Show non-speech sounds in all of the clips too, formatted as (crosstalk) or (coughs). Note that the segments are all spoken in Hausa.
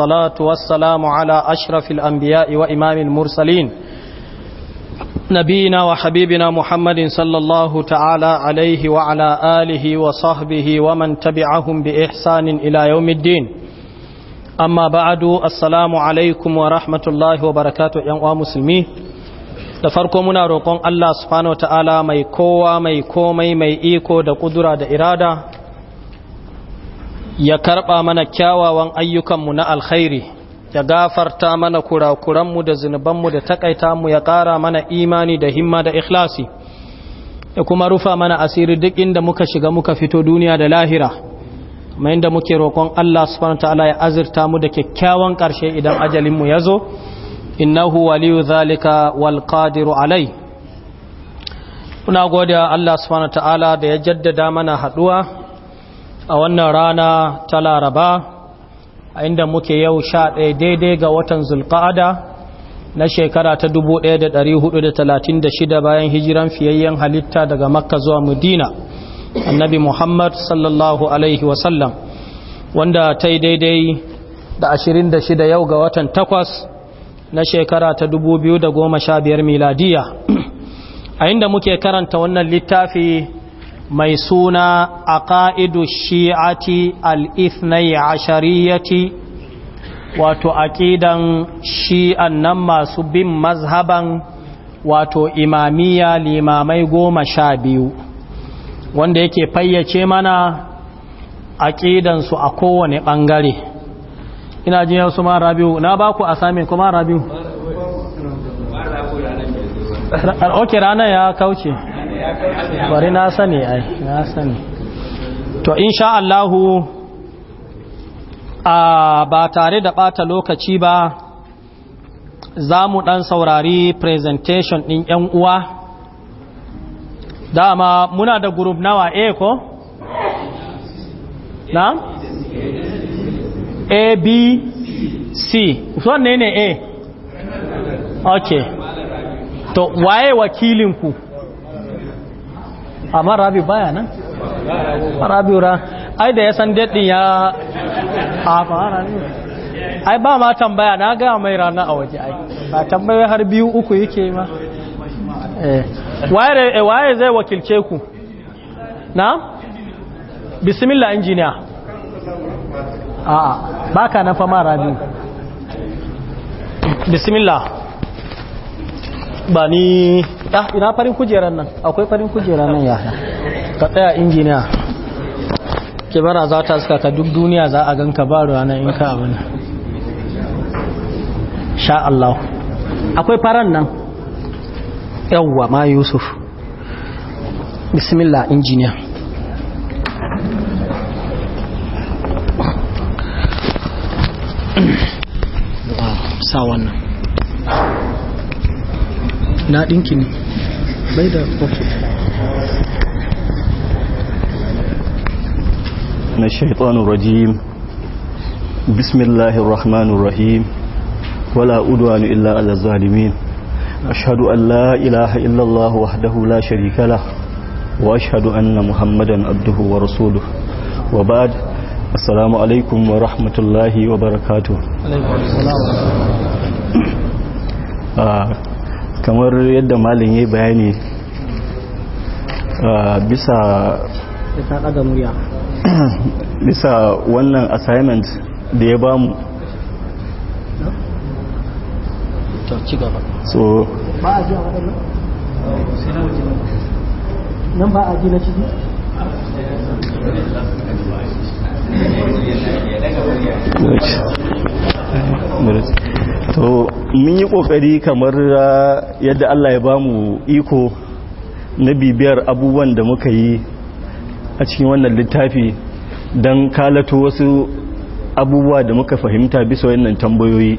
والصلاة والسلام على أشرف الأنبياء وإمام المرسلين نبينا وحبيبنا محمد صلى الله تعالى عليه وعلى آله وصحبه ومن تبعهم بإحسان إلى يوم الدين أما بعد السلام عليكم ورحمة الله وبركاته يا مسلمين da farko muna roƙon Allah subhanahu wataala mai kowa mai komai mai iko da kudura da irada ya karɓa mana kyawawan ayyukanmu na alkhairi ya gafarta mana kurakuranmu da zunubanmu da takaita mu ya ƙara mana imani da himma da ikhlasi ya kuma rufa mana asiri duk inda muka shiga muka fito duniya da lahira kuma inda muke roƙon Allah subhanahu ta'ala ya azurta mu da kyakkyawan ƙarshe idan ajalinmu ya zo innahu waliyu zalika wal qadiru alai muna godiya Allah subhanahu ta'ala da ya jaddada mana haɗuwa a wannan rana ta laraba a inda muke yau sha ɗaya daidai ga watan zulƙa'ada na shekara ta 1436 bayan hijiran fiyayyen halitta daga makka zuwa madina annabi muhammad sallallahu alaihi wasallam wanda ta yi daidai da 26 yau ga watan takwas na shekara ta 2015 miladiya a inda muke karanta wannan littafi mai suna a ƙa'idu shi'ati al'ithnai ashariyati wato aƙidan shi'an nan masu bin mazhaban wato imamiya limamai goma sha biyu wanda yake fayyace mana aƙidansu a kowane ɓangare ina jin su ma rabiu na ba ku a sami kuma rabiu ok ranar ya kauce bari na sani ai na sani to insha Allahu a ba tare da bata lokaci ba za mu dan saurari presentation din yan uwa dama muna da group nawa A ko na A B C wannan ne A okay to waye wakilinku ku amma rabi baya nan rabi ra ai da ya san daɗin ya a fara ne ai ba ma tambaya na gaya mai rana a waje ai ba tambaya har biyu uku yake ma eh. eh, waye zai wakilce ku na bismillah injiniya a ba ka na fama rabi bismillah ba ni ta ah, ina farin kujeran nan akwai farin kujeran nan ya ka tsaya injiniya bara za ta suka ka duk duniya za a ganka ba ranar in ka abin sha Allah akwai faran nan yawwa ma yusuf bismillah injiniya sa wannan na ɗinki ne bai da kofi na shaitanu rajim bismillahir rahmanir rahim wala udwanu illa ala zalimin an la ilaha illa wahdahu la sharika lah wa ashhadu anna muhammadan abduhu wa rasuluhu wa ba'd assalamu alaikum wa rahmatullahi wa barakatuh kamar yadda malin ya bayani ah, bisa (clears throat) bisa wannan assignment da ya bamu so ba a ji a nan ba a ji na ciki? Good. to mun yi kokari kamar ah, yadda Allah ya bamu iko na bibiyar abubuwan da muka yi a cikin wannan littafi don kalato wasu abubuwa da muka fahimta bisa wannan tambayoyi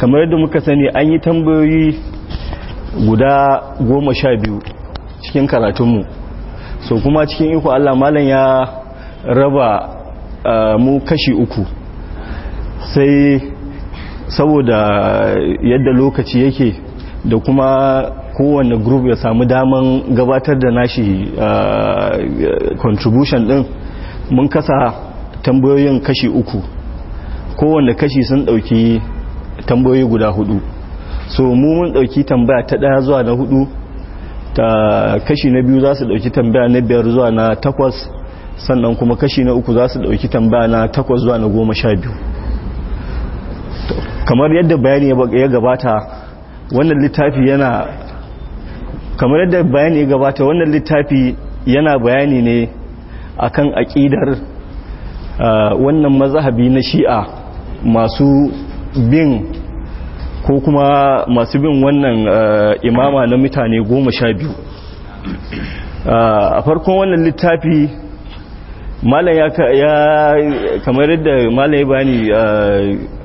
kamar yadda muka sani an yi tambayoyi guda goma sha biyu cikin karatunmu so kuma cikin iko Allah malam ya raba ah, mu kashi uku sai saboda yadda lokaci yake da kuma kowane group ya samu daman gabatar da nashi ah, contribution din mun kasa tambayoyin kashi uku kowane kashi sun dauki tambayoyi guda hudu so mu mun dauki tambaya ta daya zuwa na hudu ta kashi na biyu za su dauki tambaya na biyar zuwa na takwas sannan kuma kashi na uku za su dauki tambaya na takwas zuwa na goma sha biyu kamar yadda bayani ya gabata wannan littafi yana kamar yadda bayani ya gabata wannan littafi yana bayani ne akan aƙidar wannan mazhabi na shi'a masu bin ko kuma masu bin wannan imama na mutane goma sha biyu a farkon wannan littafi malam ya kamar yadda malam ya bani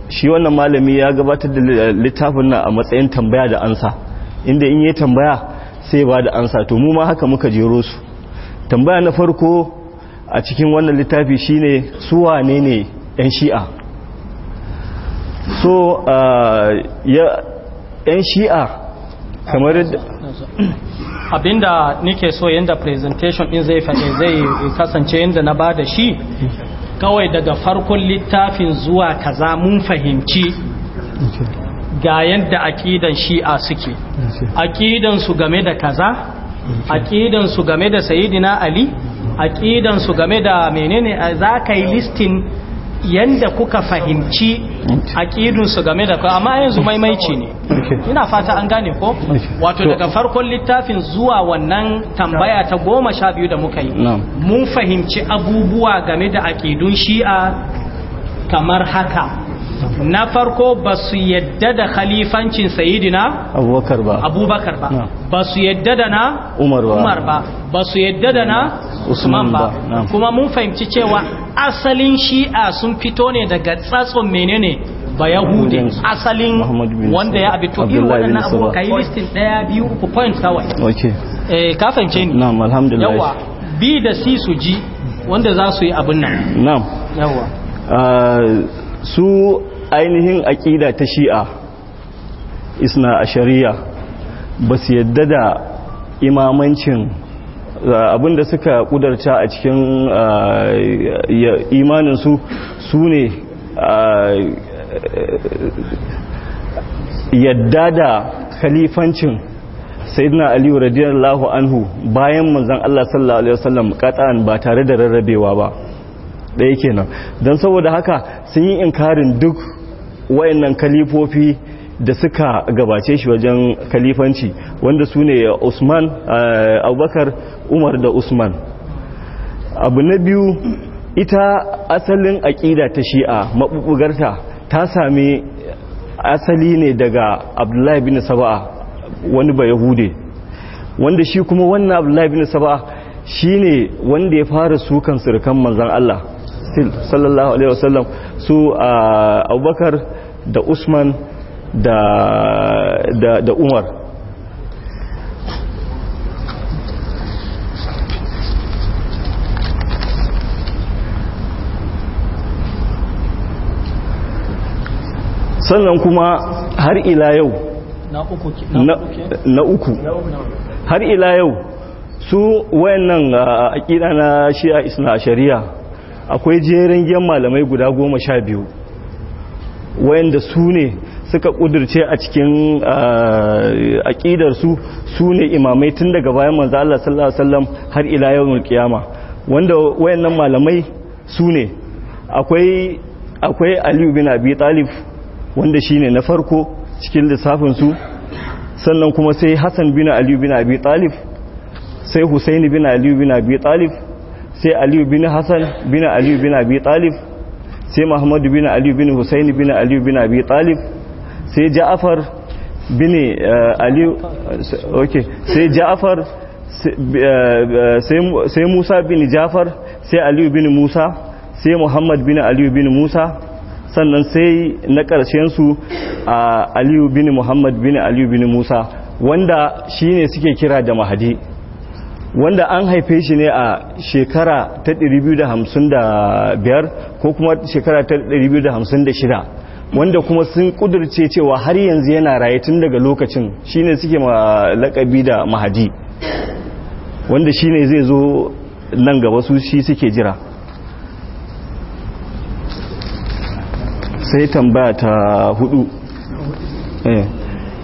shi wannan malami ya gabatar da littafin nan a matsayin tambaya da ansa inda in yi tambaya sai ba da ansa to mu ma haka muka jero su tambaya na farko a cikin wannan littafi shine su wane ne yan shi'a so yan shi'a kamar abinda nike so yadda presentation din zai faɗi zai kasance yadda na ba da shi kawai daga farkon littafin zuwa kaza mun fahimci ga yadda aƙidan shi'a suke su game da kaza su game da sayidina ali su game da menene za ka yi listin yanda kuka fahimci aƙidunsu game da kai amma yanzu maimaici ne ina fata an gane ko wato daga farkon littafin zuwa wannan tambaya ta goma sha biyu da muka yi mun fahimci abubuwa game da aƙidun shi'a kamar haka na farko ba su yadda da khalifancin sayidina abubakar abubakar ba ba su yadda da na umar ba ba su yadda da na usman ba kuma mun fahimci cewa asalin shi'a sun fito ne daga tsatson menene ba yahudi asalin wanda ya abito irin waɗannan abubuwa ka yi listin daya biyu ku point kawai eh, ka fahimce ni yawa bi da si su ji wanda za su yi abin nan Na'am. yawa ah, su ainihin aƙida ta shi'a isna a shari'a ba su yadda da imamancin abinda suka kudarta a cikin ah, imaninsu su ne ah, yadda da khalifancin sayyidina aliyu radiyallahu anhu bayan manzan Allah sallallahu alaihi wasallam kataan ba tare da rarrabewa ba ɗaya kenan don saboda haka sun yi inkarin duk wayannan kalifofi da suka gabace shi wajen kalifanci wanda su ne usman eh, abubakar umar da usman abu na biyu ita asalin aƙida ta shi'a maɓuɓɓugarta ta sami asali ne daga abdullahi bin saba'a wani ba yahude wanda shi kuma wannan abdullahi bin saba'a shi ne wanda ya fara sukan surukan manzan Allah sallallahu alaihi wasallam su eh, abubakar da usman da da umar sannan kuma har ila yau na uku har ila yau su wayannan aƙida na shi'a isna shari'a akwai jerin yan malamai guda goma sha biyu wayanda su ne suka kudirce a cikin aƙidar su su ne imamai tun daga bayan manzo Allah sallallahu alaihi wasallam har ila yawmul qiyama wanda wayannan malamai su ne akwai akwai Aliyu bin Abi Talib wanda shine na farko cikin lissafin su sannan kuma sai Hassan bin Aliyu bin Abi Talib sai Husaini bin Aliyu bin Abi Talib sai Aliyu bin Hassan bin Aliyu bin Abi Talib sai Muhammad bin Aliyu bin Husaini bin Aliyu bin Abi Talib sai ja'afar bini eh, ali okay sai ja'afar eh, sai musa bini ja'far sai aliyu bini musa sai muhammad bini aliyu bini musa sannan sai na karshen su a aliyu bini muhammad bini aliyu bini musa wanda shine suke kira da mahadi wanda an haife shi ne a shekara ta 255 ko kuma shekara ta 256 wanda kuma sun kudurce cewa har yanzu yana raye tun daga lokacin shine suke ma lakabi da mahadi wanda shine zai zo nan gaba su shi suke jira sai tambaya ta hudu eh,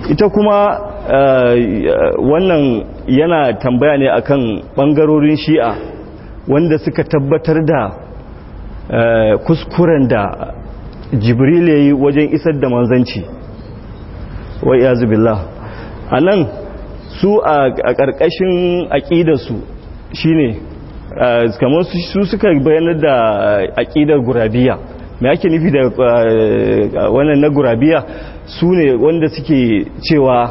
ita kuma eh, wannan yana tambaya ne akan bangarorin shi'a wanda suka tabbatar da eh, kuskuren da jibril ya yi wajen isar da manzanci wai ya zubillah a nan su a ƙarƙashin aƙidarsu shi ne kamar su suka bayanar da aƙidar gurabiya mai ake nufi da wannan na gurabiya su ne wanda suke cewa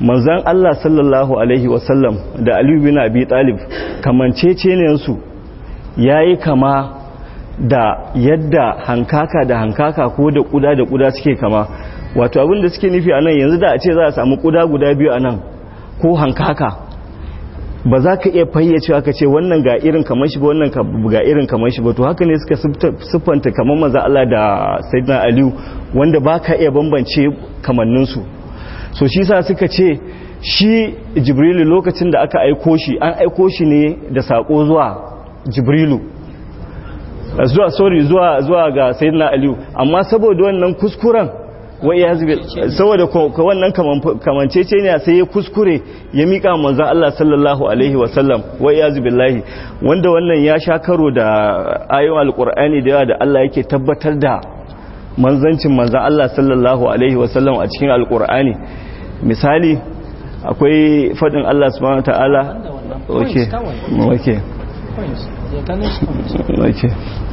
manzan Allah sallallahu Alaihi wasallam da Aliyu bin Abi Talib kamanceceniyansu ya yi kama da yadda hankaka da hankaka ko da kuda da kuda suke kama wato abin da suke nufi a nan yanzu da a ce za a samu kuda guda biyu a nan ko hankaka ba za ka iya fayyace aka ce wannan ga irin kamar shi ba wannan ga irin kamar shi ba to haka ne suka siffanta kamar maza Allah da Sayyidina Aliyu wanda ba ka iya bambance kamanninsu so shi sa suka ce shi Jibrilu lokacin da aka aiko shi an aiko shi ne da sako zuwa Jibrilu zuwa sorry zuwa zuwa ga sayyidina aliyu amma saboda wannan kuskuren wa iya hazbi saboda wannan kamancece ne sai ya kuskure ya mika manzan Allah sallallahu alaihi wa sallam wa iya wanda wannan ya sha karo da ayoyin alqur'ani da yawa da Allah yake tabbatar da manzancin manzan Allah sallallahu alaihi wa sallam a cikin alqur'ani misali akwai fadin Allah subhanahu wa ta'ala okay okay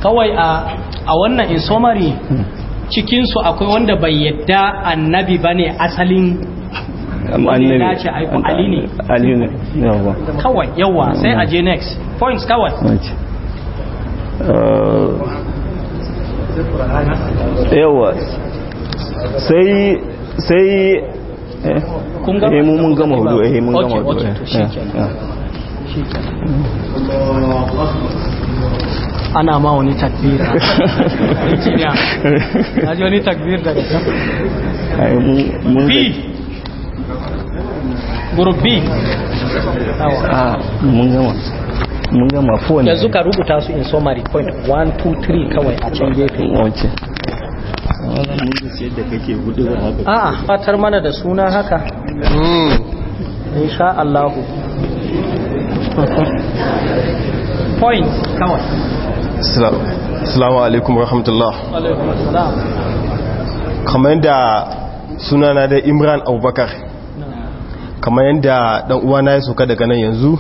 kawai a wannan in summary hmm. cikinsu akwai wanda bai yadda annabi ba ne asalin wani dace ne kawai yawa sai a je next points kawai uh, yawa sai sai eh? kun eh, gama hudu eh mun gama hudu eh shi ana ma wani takbir a ji wani takbir daga can b group b mun gama mun gama fone yanzu ka rubuta su in summary point 1 2 3 kawai a can gefe wance a fatar mana da suna haka hmm. in sha Allahu point kawai assalamu alaikum rahmatullah kamar yadda sunana da imran abubakar kamar yadda dan uwana ya soka daga nan yanzu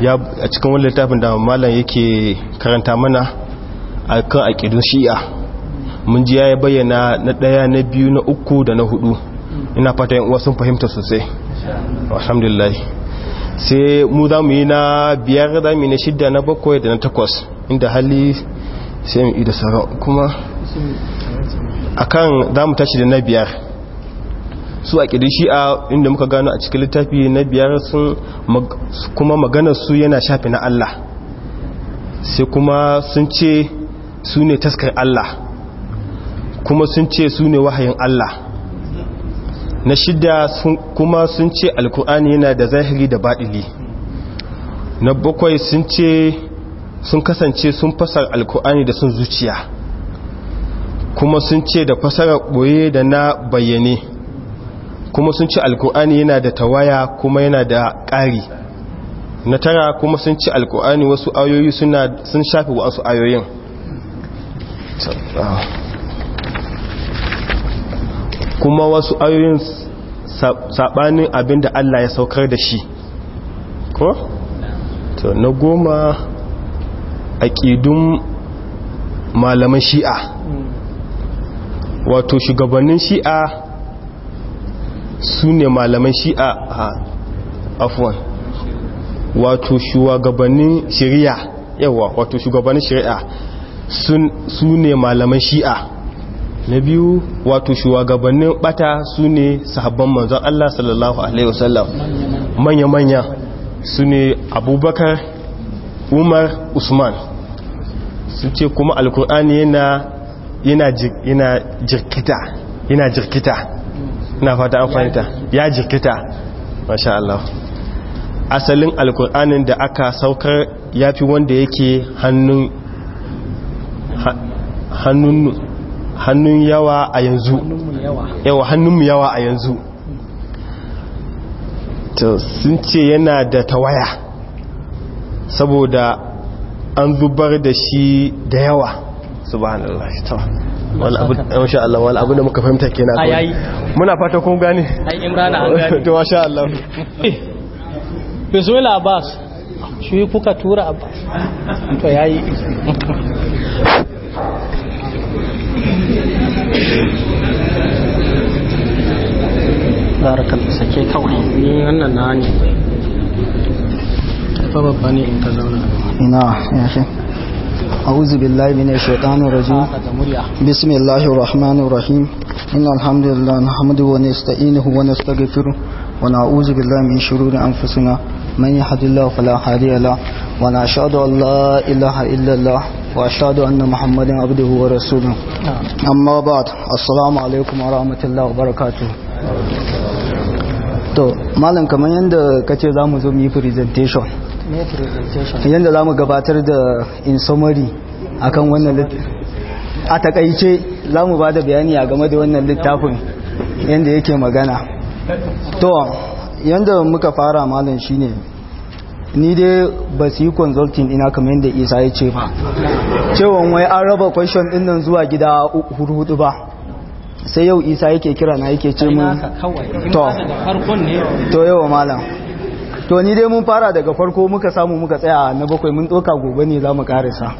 ya a cikin wani littafin da malam yake karanta mana a kan aƙidun shi'a mun ji ya bayyana na ɗaya na biyu na uku da na hudu ina fata yin uwa sun fahimta sosai alhamdulillah sai mu za mu yi na biyar za mu yi na shidda na bakwai da na takwas inda hali sai mu ida sara kuma a kan za mu tashi da na biyar su a ƙirin a inda muka gano a cikin littafi na biyar sun kuma maganar su yana shafi na Allah sai kuma sun ce su ne taskar Allah kuma sun ce su ne wahayin Allah na shida kuma sun ce alkur'ani yana da zahiri da baɗili na bakwai sun ce sun kasance sun fasar alkur'ani da sun zuciya kuma sun ce da fasarar ɓoye da na bayyane kuma sun ce alkur'ani yana da tawaya kuma yana da ƙari na tara kuma sun ce alkur'ani wasu ayoyi sun shafi wasu ayoyin kuma wasu ayoyin saɓanin abin da Allah ya saukar da shi ko? to na goma aƙidun malaman shi'a wato shugabannin shi'a su ne malaman shi'a a afwan wato shugabannin shari'a yawa wato shugabannin shari'a su ne malaman shi'a na biyu wato shugabannin bata su ne sahabban manzon Allah sallallahu alaihi wasallam manya-manya su ne abubakar umar usman su ce kuma alkur'ani yana yana jirkita yana jirkita na fata an fahimta ya jirkita masha Allah asalin alkur'anin da aka saukar ya fi wanda yake hannun hannun hannun yawa a yanzu yawa hannunmu yawa a yanzu sun ce yana da tawaya saboda an zubar da shi da yawa subhanallah wani abu insha Allah wani abu da muka fahimta kenan ayi muna fata kun gane ai imrana an gane (laughs) to masha Allah bismillah abbas shi kuka tura abbas to yayi barakan sake kawai ni wannan na ne ta babba ne in ta zauna ina ya shi أعوذ بالله من الشيطان الرجيم بسم الله الرحمن الرحيم إن الحمد لله نحمده ونستعينه ونستغفره ونعوذ بالله من شرور أنفسنا من يهد الله فلا هادي له ونشهد أن لا إله إلا الله وأشهد أن محمدا عبده ورسوله أما بعد السلام عليكم ورحمة الله وبركاته to malam kamar yadda ka ce za mu zo mu presentation yadda za mu gabatar da in summary akan wannan a takaice za mu ba da bayani a game da wannan littafin yadda yake magana to yadda muka fara malam shine ne ni dai ba su yi consulting ina kamar yadda isa ya ce ba cewon wai an raba question din nan zuwa gida hudu ba sai yau isa yake kira na yake ce mu to to yawa malam to ni dai mun fara daga farko muka samu muka tsaya na bakwai mun tsoka gobe ne za mu karisa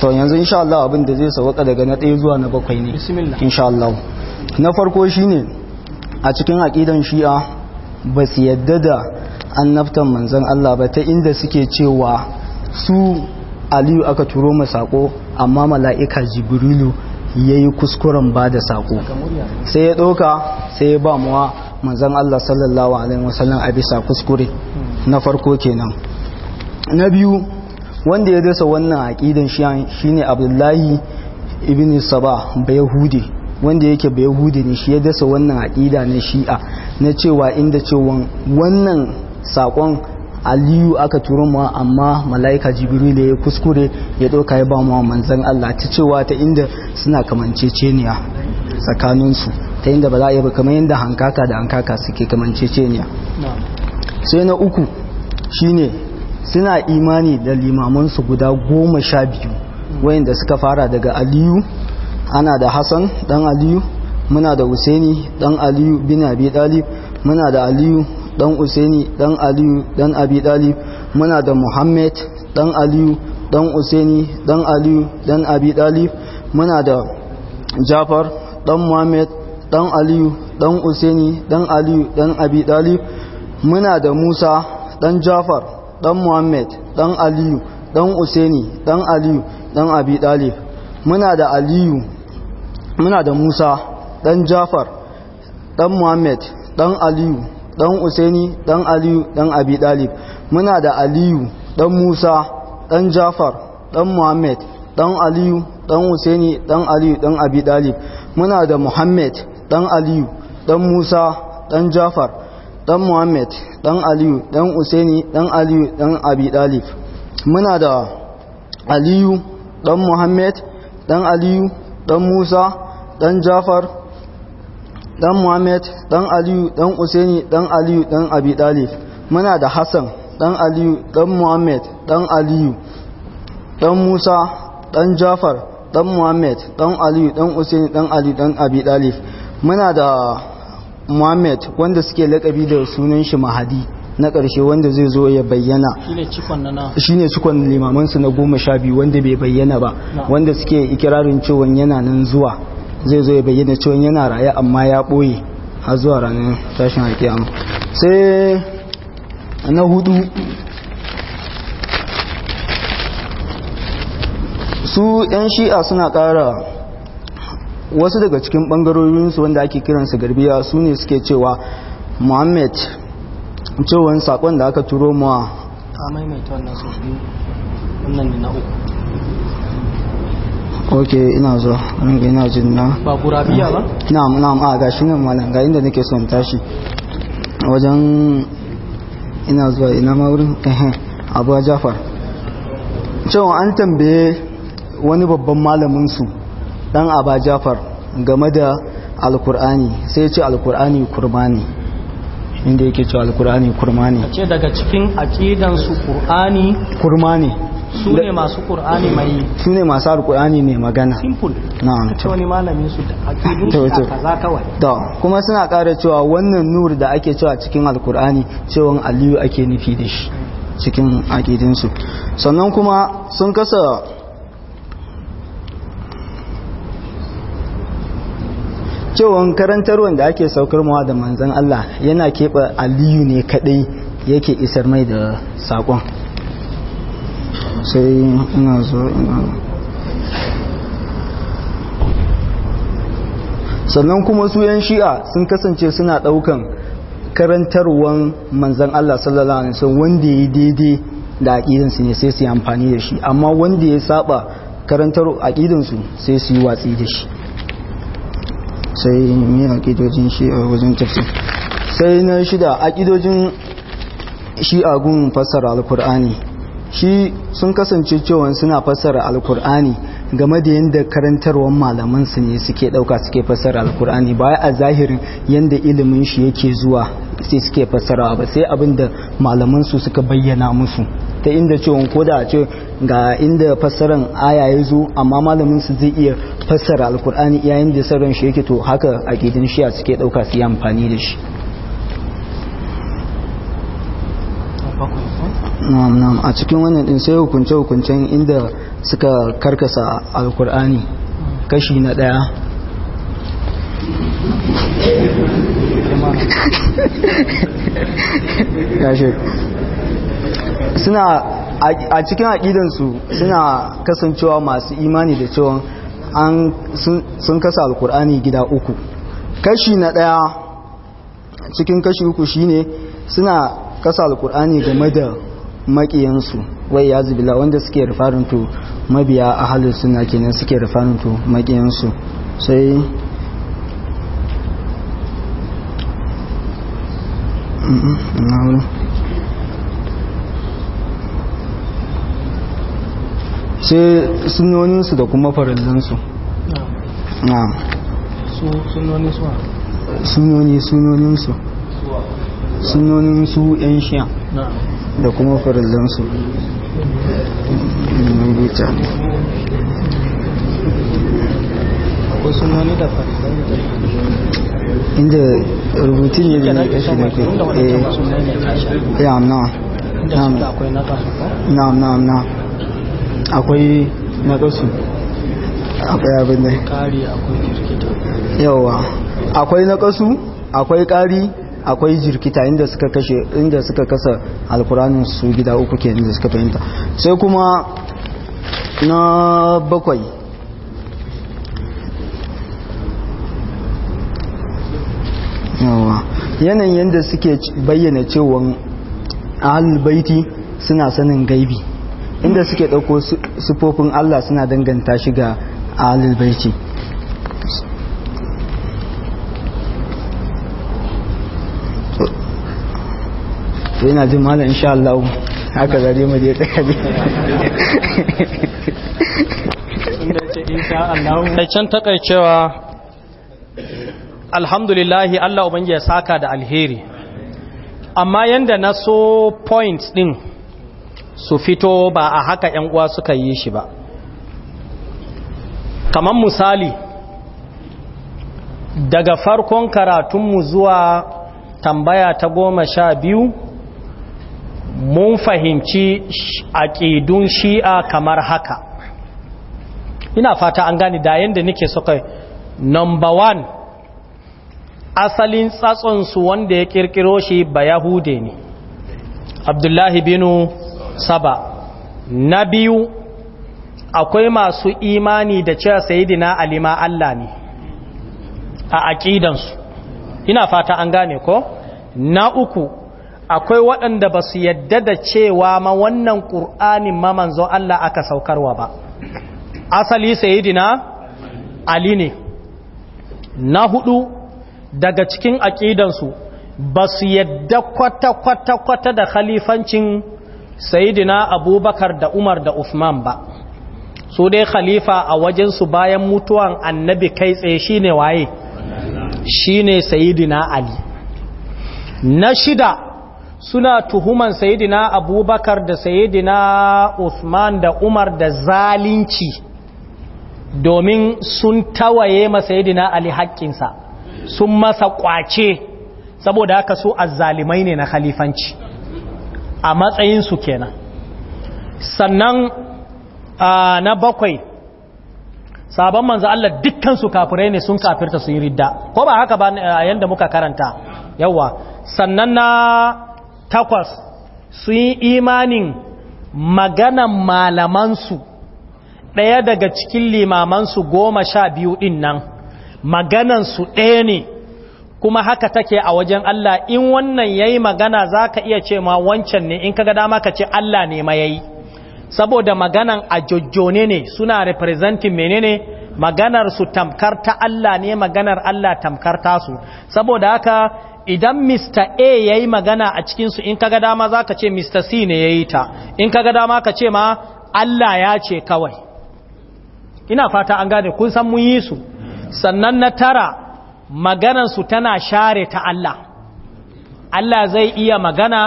to yanzu insha Allah abin da zai sauka daga na ɗaya zuwa na bakwai ne insha Allah na farko shine a cikin aqidan shi'a ba su yadda da annabtan manzan Allah ba ta inda suke cewa su aliyu aka turo ma sako amma mala'ika jibrilu ya yi kuskuren ba da sako sai ya ɗauka sai ya ba muwa manzan Allah sallallahu alaihi wasallam a bisa kuskure na farko kenan na biyu wanda ya dasa wannan aƙidan shine abdullahi ibn saba bayahudi wanda yake bayahudi ne shi ya dasa wannan aƙida na shi'a na cewa inda cewa wannan sakon aliyu aka turo mu amma mala'ika jibrilu ya kuskure ya doka ya ba mu manzon Allah ta cewa ta inda suna kamanceceniya tsakaninsu ta inda ba za a yi ba kamar yadda hankaka da hankaka suke kamanceceniya sai na uku shine suna imani da limamansu guda goma sha biyu wayanda suka fara daga aliyu ana da hassan dan aliyu muna da husaini dan aliyu bin abi dalib muna da aliyu dan usaini dan aliyu dan abi dalib muna da muhammad dan aliyu dan usaini dan aliyu dan abi dalib muna da jafar dan muhammad dan aliyu dan usaini dan aliyu dan abi dalib muna da musa dan jafar dan muhammad dan aliyu dan usaini dan aliyu dan abi dalib muna da aliyu muna da musa dan jafar dan muhammad dan aliyu dan usaini dan aliyu dan abi dalib muna da aliyu dan musa dan jafar dan muhammad dan aliyu dan usaini dan aliyu dan abi dalib muna da muhammad dan aliyu dan musa dan jafar dan muhammad dan aliyu dan usaini dan aliyu dan abi dalib muna da aliyu dan muhammad dan aliyu dan musa dan jafar dan Muhammad dan Aliyu dan Usaini dan Aliyu dan Abi Talib muna da Hassan dan Aliyu dan Muhammad dan Aliyu dan Musa dan Jafar dan Muhammad dan Aliyu dan Usaini dan Aliyu dan Abi Talib muna da Muhammad wanda suke lakabi da sunan shi Mahadi na ƙarshe wanda zai zo ya bayyana shi ne cikon limamansu na goma sha biyu wanda bai bayyana ba wanda suke ikirarin cewa yana nan zuwa zai zo ya bayyana cewa yana raye amma ya ɓoye har zuwa ranar tashin alkiyama sai na hudu su 'yan shi'a suna ƙara wasu daga cikin ɓangarorinsu wanda ake kiransu garbiya su ne suke cewa muhammad cewa saƙon da aka turo mu a maimaita wannan sau biyu wannan da na uku oke ina zuwa ringa ina jin na ba gurabiya ba na'am na'am a gashi nan malam ga inda nake son tashi wajen ina zuwa ina ma wurin ehem abu jafar cewa an tambaye wani babban malamin su dan abu jafar game da alkur'ani sai ya ce alkur'ani kurmani inda yake cewa alkur'ani kurmani ce daga cikin aqidan su kur'ani kurmani su ne masu qur'ani mai su ne masu mai magana kuma suna ƙara cewa wannan nur da ake cewa cikin alƙur'ani cewa aliyu ake nufi da shi cikin aƙidinsu sannan kuma sun kasa cewa karantar da ake saukar mawa da manzan Allah yana keɓe aliyu ne kaɗai yake isar mai da saƙon sai ina zo ina sannan kuma su yan shi'a sun kasance suna daukan karantarwan manzan Allah sallallahu alaihi wasallam wanda ya daidai da su ne sai su yi amfani da shi amma wanda ya saba karantar su sai su yi watsi da shi sai mai aqidojin a wajen tafsir sai na shida aqidojin shi'a gun fassara alqur'ani shi sun kasance cewa suna fassara alkur'ani game da yadda karantarwar malaman su ne suke dauka suke fassara alkur'ani ba a zahirin yadda ilimin shi yake zuwa sai suke fassara ba sai abin da malaman su suka bayyana musu ta inda cewa ko da ce ga inda fassaran aya ya zo amma malamin su zai iya fassara alkur'ani yayin da sauran shi yake to haka a shi shi'a suke dauka su yi amfani da shi a cikin wannan din sai hukunce-hukuncen inda suka karkasa alkur'ani kashi na daya (laughs) suna a cikin aƙidansu suna kasancewa masu imani da cewa an sun kasa alkur'ani gida uku kashi na daya cikin kashi uku shine suna kasa alkur'ani game da makiyansu wai ya zubila wanda suke rufarin to mabiya a halin suna kenan suke rufarin to makiyansu sai sai sunoninsu da kuma farillansu na sunoninsu sunoni sunoninsu sunoninsu 'yan shiya da kuma farillansu rubuta akwai sunoni da inda rubutun ne ne kashi na kai ya na na na na akwai na kasu akwai abin da yawa akwai na kasu akwai kari akwai jirkita inda suka kashe inda suka kasa alkuranin su gida uku ke inda suka fahimta sai kuma na bakwai yanayin yadda suke bayyana cewa baiti suna sanin gaibi inda suke ɗauko sufofin Allah suna danganta shi ga baiti sai yana jin malam insha Allah haka zare mu je tsaya ne can takaicewa alhamdulillahi Allah ubangi ya saka da alheri amma yanda na so points din su fito ba a haka yan uwa suka yi shi ba kamar misali daga farkon karatunmu zuwa tambaya ta goma sha biyu mun fahimci aƙidun shi'a kamar haka ina fata an gani da yadda nake suka number one asalin tsatsonsu wanda ya ƙirƙiro shi ba yahude ne abdullahi binu saba na biyu akwai masu imani da cewa sayidina alima Allah ne a aƙidansu ina fata an gane ko na uku akwai waɗanda ba su yadda da cewa ma wannan ƙur'anin ma manzo Allah aka saukarwa ba asali sayidina ali ne na hudu daga cikin aƙidansu ba su yadda kwata-kwata-kwata da khalifancin sayidina abubakar da umar da usman ba su dai khalifa a wajensu bayan mutuwan annabi kai tsaye shine waye Shi ne sayidina ali na shida suna tuhuman sayidina abubakar da sayidina usman da umar da zalunci domin sun tawaye ma sayidina ali haƙƙinsa sun masa ƙwace saboda haka su azzalimai ne na khalifanci a matsayinsu kenan sannan na bakwai sabon manzo Allah dukkansu kafirai ne sun kafirta sun yi ridda ko ba haka ba yanda muka karanta yawa sannan na takwas sun yi imanin maganan malamansu ɗaya daga cikin limamansu goma sha biyu ɗin nan maganansu ɗaya ne kuma haka take a wajen Allah in wannan ya magana za ka iya ce ma wancan ne in kaga dama ka ce Allah ne ma ya yi saboda maganan a jojjone ne suna representing menene Maganarsu su tamkar ta Allah ne maganar Allah tamkar tasu saboda haka idan Mr. A ya yi magana a cikinsu in kaga dama za ka ce Mr. C ne ya yi ta in kaga dama ka ce ma Allah ya ce kawai ina fata an gane kun san mun su sannan na tara maganansu tana share ta Allah Allah zai iya magana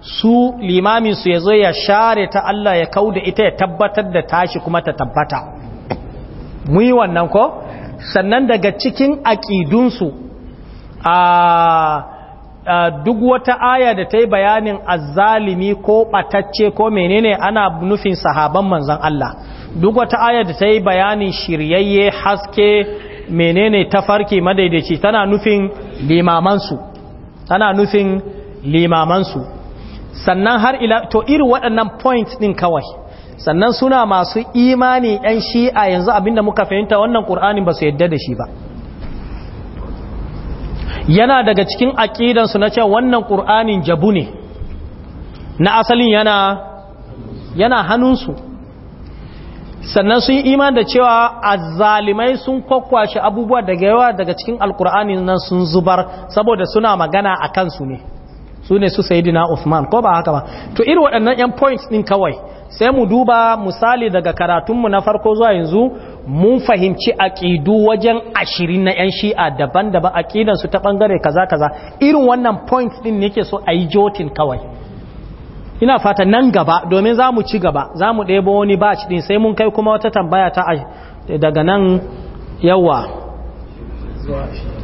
su limaminsu ya zo ya share ta Allah ya kauda ita ya tabbatar da tashi kuma ta tabbata muyi wannan ko sannan daga cikin aƙidunsu a duk wata aya da ta yi bayanin azzalimi ko batacce ko menene ana nufin sahaban manzan Allah duk wata aya da ta yi bayanin shiryayye haske menene tafarki madaidaici tana nufin limamansu tana nufin limamansu sannan har ila to irin waɗannan point ɗin kawai sannan suna masu imani ɗan shi'a yanzu abinda muka fahimta wannan ƙur'anin ba su yadda da shi ba yana daga cikin aƙidansu na ce wannan ƙur'anin jabu ne na asalin yana yana hannunsu sannan sun yi iman da cewa azzalimai sun kwakwashe abubuwa daga yawa daga cikin alƙur'anin nan sun zubar saboda suna magana a kansu ne su ne su dina Usman ko ba haka ba to irin waɗannan yan points din kawai sai mu duba misali daga karatunmu na farko zuwa yanzu mun fahimci aƙidu wajen 20 na yan shi'a daban-daban aqidan su ta bangare kaza kaza irin wannan points din yake so ayi jotin kawai ina fata nan gaba domin za mu ci gaba za mu ɗebo wani batch ɗin sai mun kai kuma wata tambaya ta daga nan yawa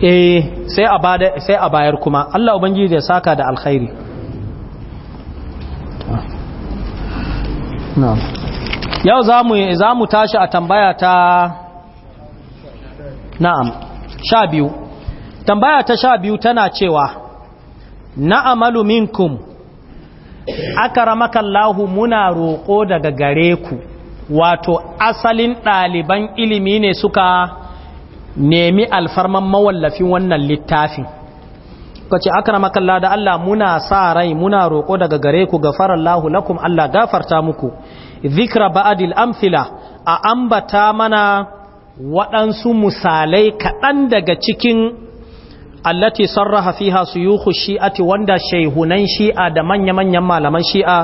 eh sai a bayar kuma Allah ubangiji ya saka da alkhairi yau za mu tashi a tambaya ta na'am sha biyu tambaya ta sha biyu tana cewa na'amalu minkum akaramakallahu muna roƙo daga gare ku wato asalin ɗaliban ilimi ne suka nemi alfarman mawallafin wannan littafin ka ce akramakallah da Allah muna sa rai muna roƙo daga gare ku gafarallahu lakum Allah gafarta muku zikra ba'adil amthila a ambata mana waɗansu misalai kaɗan daga cikin allati sarraha fiha suyukhu shi'ati wanda shaihunan shi'a da manya-manyan malaman shi'a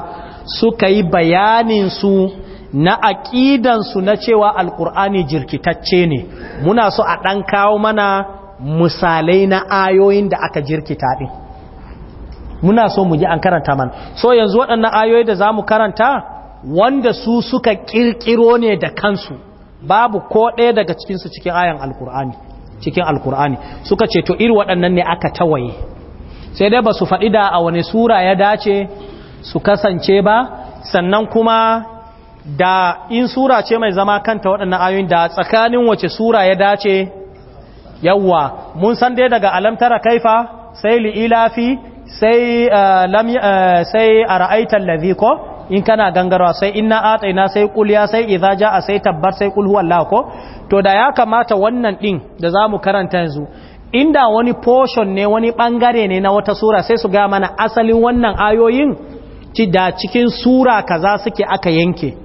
suka yi bayanin su na aƙidansu na cewa alƙur'ani jirkitacce ne muna so a ɗan kawo mana misalai na ayoyin da aka jirkita ɗin muna so mu ji an karanta mana so yanzu waɗannan ayoyi da za mu karanta wanda su suka ƙirƙiro ne da kansu babu ko ɗaya daga cikinsu cikin ayan alƙur'ani cikin alƙur'ani suka ce to iri waɗannan ne aka tawaye sai dai ba su faɗi da a wani sura ya dace su kasance ba sannan kuma da in sura ce mai zama kanta waɗannan ayoyin da tsakanin wace sura ya dace yawwa mun san dai daga alamtara kaifa sai li'ilafi sai eh, eh, sai ara'aital ladhi ko in kana gangarwa sai inna ataina sai kulya sai idza jaa sai tabbar sai qul huwallahu ko to da ya kamata wannan din da zamu karanta yanzu inda wani portion ne wani bangare ne na wata sura sai su ga mana asalin wannan ayoyin ci da cikin sura kaza suke aka yanke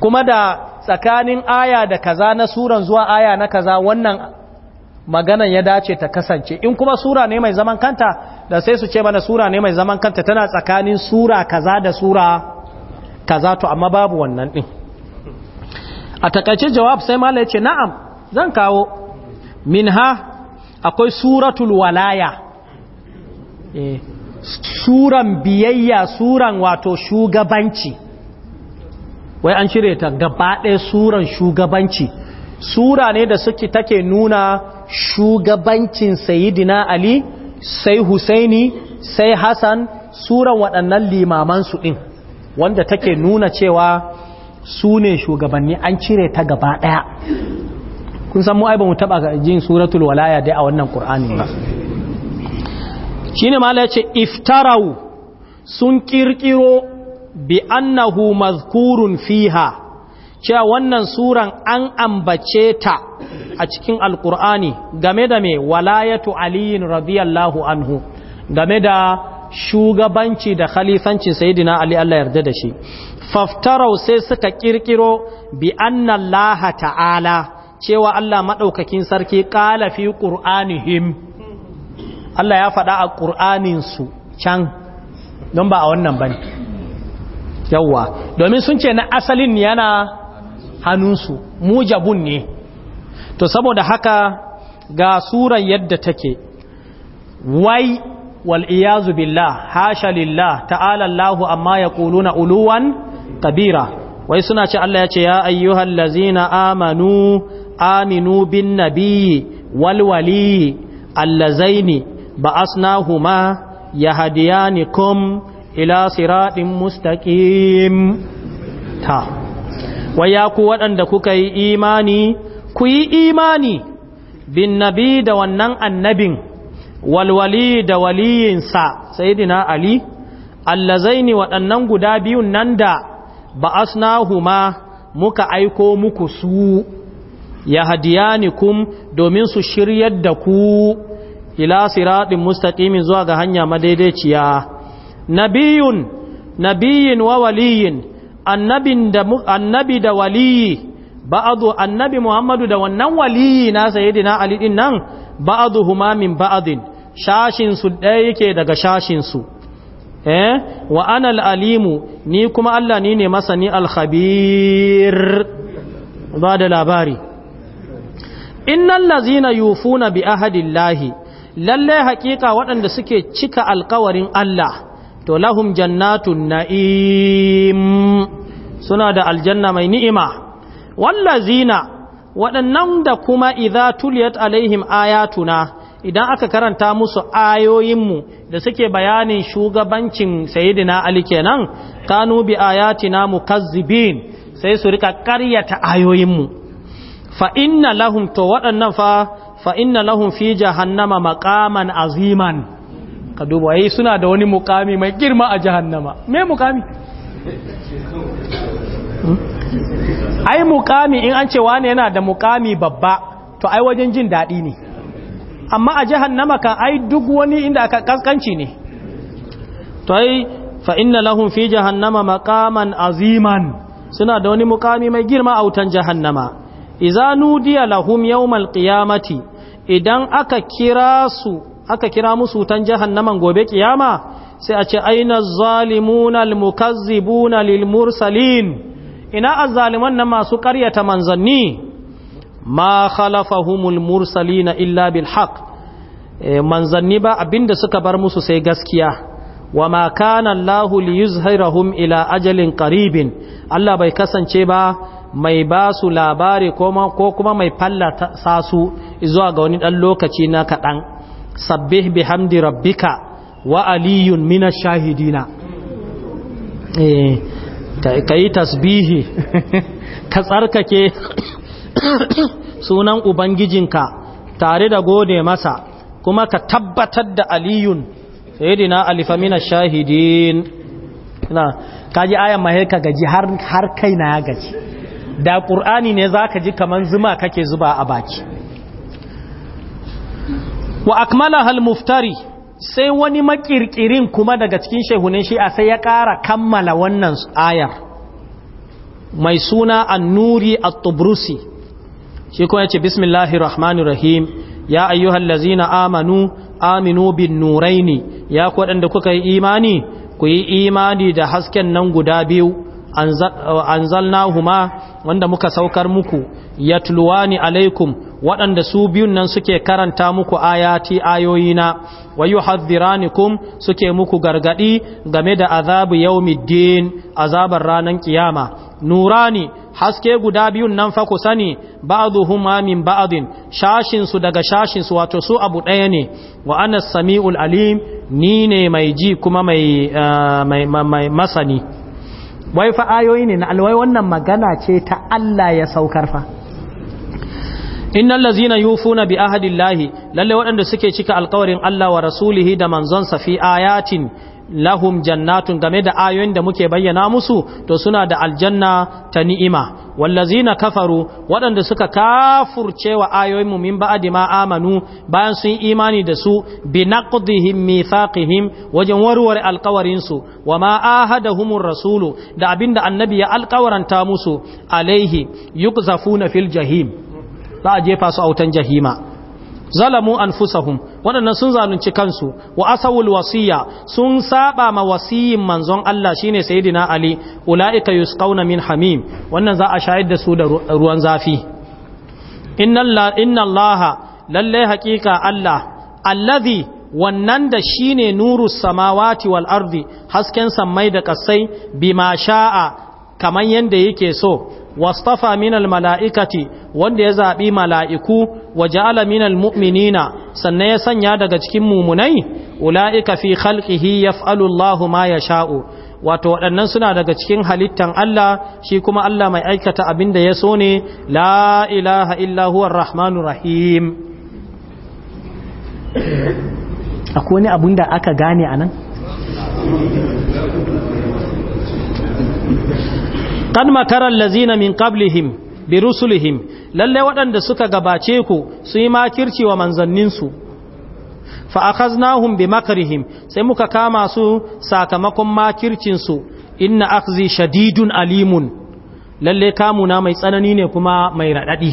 kuma da tsakanin aya da kaza na suran zuwa aya na kaza wannan maganan ya dace ta kasance in kuma sura ne mai zaman kanta da sai su ce mana sura ne mai zaman kanta tana tsakanin sura kaza da sura kaza to amma babu wannan din a takaice jawab sai mala ce na'am zan kawo minha akwai suratul walaya eh suran biyayya suran wato shugabanci wai an cire ta gaba ɗaya suran shugabanci sura ne da suke take nuna shugabancin sayidina ali sai husaini sai hassan suran waɗannan limamansu ɗin wanda take nuna cewa su ne shugabanni an cire ta gaba ɗaya kun san mu mu taɓa jin suratul walaya dai a wannan ƙur'ani ba shi ne mala yace iftarau sun ƙirƙiro bi annahu mazkurun fiha cewa wannan suran an ambace ta a cikin alkur'ani game da me walayatu aliyin radiyallahu anhu game da shugabanci da khalifancin sayidina ali Allah yarda da shi faftarau sai suka kirkiro bi annallaha ta'ala cewa Allah madaukakin sarki qala fi qur'anihim Allah ya faɗa a qur'anin can don ba a wannan bane yawwa domin sun ce na asalin yana hannunsu mujabun ne to saboda haka ga surar yadda take wai wal'iyazu billah hasha lillah ta'ala Allahu amma ya na uluwan kabira wai suna ce Allah ya ce ya ayyuhal lazina amanu aminu bin nabiyyi walwali allazaini ba ma ya hadiyanikum ila siratin mustaqim ta waya ku waɗanda kuka yi imani ku yi imani bin nabi da wannan annabin walwali da waliyinsa Saidina ali allazaini waɗannan guda biyun nan da ma muka aiko muku su ya hadiyanikum domin su shiryar da ku ila siratin mustaqimin zuwa ga hanya madaidaiciya nabiyun nabiyin wa waliyin annabi da waliyi ba'adu annabi muhammadu da wannan waliyi na sayyidina ali din nan ba'adu huma min ba'adin shashin su ɗaya yake daga shashin su eh wa al-alimu ni kuma Allah ni ne masani al-khabir ba da labari innal lazina yufuna bi ahadillahi lalle haƙiƙa waɗanda suke cika alƙawarin Allah to lahum jannatun na'im suna da aljanna mai ni'ima wallazina waɗannan da kuma idza tuliyat alaihim ayatuna idan aka karanta musu ayoyinmu da suke bayanin shugabancin sayyidina ali kenan kanu bi ayatina mukazzibin sai su rika ƙaryata ayoyinmu fa inna lahum to waɗannan fa fa inna lahum fi jahannama maqaman aziman ka duba yi suna da wani mukami mai girma a jahannama mai mukami hmm? ai mukami in an ce wani yana da mukami babba to ai wajen jin daɗi ne amma a jahannama kan ai duk wani inda aka kaskanci ne to ai fa inna lahum fi jahannama maqaman aziman suna da wani mukami mai girma a wutan jahannama idza nudiya lahum yawmal qiyamati idan aka kira su aka kira musu wutan jahannaman gobe kiyama sai a ce aina zalimuna almukazzibuna lilmursalin ina azzaliman nan masu karyata manzanni ma khalafahumul mursalina illa bil haqq eh, manzanni ba abinda suka bar musu sai gaskiya wa ma kana Allahu liyuzhirahum ila ajalin qaribin Allah bai kasance ba mai ba su labari ko kuma mai fallata su zuwa ga wani dan lokaci na kadan sabbih bihamdi rabbika wa aliyun mina shahidina eh, ka yi tasbihi (laughs) ka tsarkake (coughs) sunan ubangijinka tare da gode masa kuma ka tabbatar da aliyun sayidina alifa mina shahidin kaji ayan mahe ka gaji har kaina ya gaji da qur'ani ne zaka ji kaman zuma kake zuba a baki wa akmala hal muftari sai wani makirkirin kuma daga cikin shehunin shi'a sai ya ƙara kammala wannan ayar mai suna annuri at-tubrusi shi kuma yace bismillahir rahmanir rahim ya ayyuhallazina amanu aminu bin nuraini ya ku da kuka yi imani ku yi imani da hasken nan guda biyu anzalnahuma wanda muka saukar muku yatluwani alaikum waɗanda su biyun nan suke karanta muku ayati ayoyina wa kum suke muku gargadi game da azabu yawmiddin azabar ranan kiyama nurani haske guda biyun nan fa ku sani ba'dhuhuma min ba'din shashin su daga shashin su wato su abu ɗaya ne wa ana samiul alim ni ne mai ji kuma mai eh, mai masani wai fa ayoyi ne na alwai wannan magana ce ta Allah ya saukar fa innal ladzina yufuna bi ahadillahi lalle waɗanda suke cika alƙawarin Allah wa rasulihi da manzonsa fi ayatin lahum jannatun game da ayoyin da muke bayyana musu to suna da aljanna ta ni'ima wallazina kafaru waɗanda suka kafurce wa ayoyinmu mu min ma amanu bayan sun imani da su bi naqdihim mithaqihim wajen warware alƙawarin su wa ma ahadahumur rasulu da abinda annabi ya alƙawaranta musu alaihi yukzafuna fil jahim za a jefa su a wutan jahima zalamu fusahun waɗannan sun zalunci kansu wa asawul wasiya sun saba ma wasiyin manzon Allah shine sayyidina Ali ulaika yusqauna min hamim wannan za a shayar da su da ruwan zafi inna allaha lallai haƙiƙa Allah allazi wannan da shine nuru samawati wal ardi hasken sammai da ƙasai bima sha'a kaman yanda yake so wastafa minal mala'ikati wanda ya zaɓi mala'iku wa ja'ala minal mu'minina sannan ya sanya daga cikin mumunai ula'ika fi khalqihi yaf'alu Allahu ma sha'o. wato waɗannan suna daga cikin halittan Allah shi kuma Allah mai aikata abin da ya so ne la ilaha illa rahim akwai wani abin da aka gane anan qad makara lazina min ƙablihim bi rusulihim lalle waɗanda suka gabace ku su yi makirci wa manzanninsu fa akhaznahum bi makrihim sai muka kama su sakamakon makircin su inna akzi shadidun alimun lalle kamuna mai tsanani ne kuma mai raɗaɗi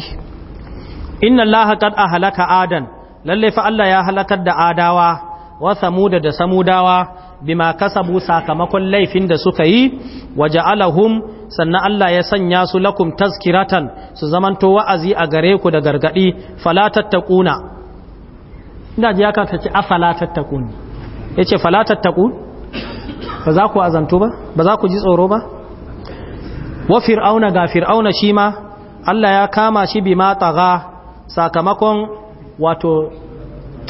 inna allaha a halaka adan lalle fa Allah ya halakar da adawa wa samuda da samudawa ma kasabu sakamakon laifin da suka yi ja'alahum sannan Allah ya sanya su lakum tazkiratan su zamanto wa'azi a gare ku da gargadi fala ina ji aka tace afala tattaqun yace fala ba za ku azanto ba ba za ku ji tsoro ba wa fir'auna ga fir'auna shi ma Allah ya kama shi bima taga sakamakon wato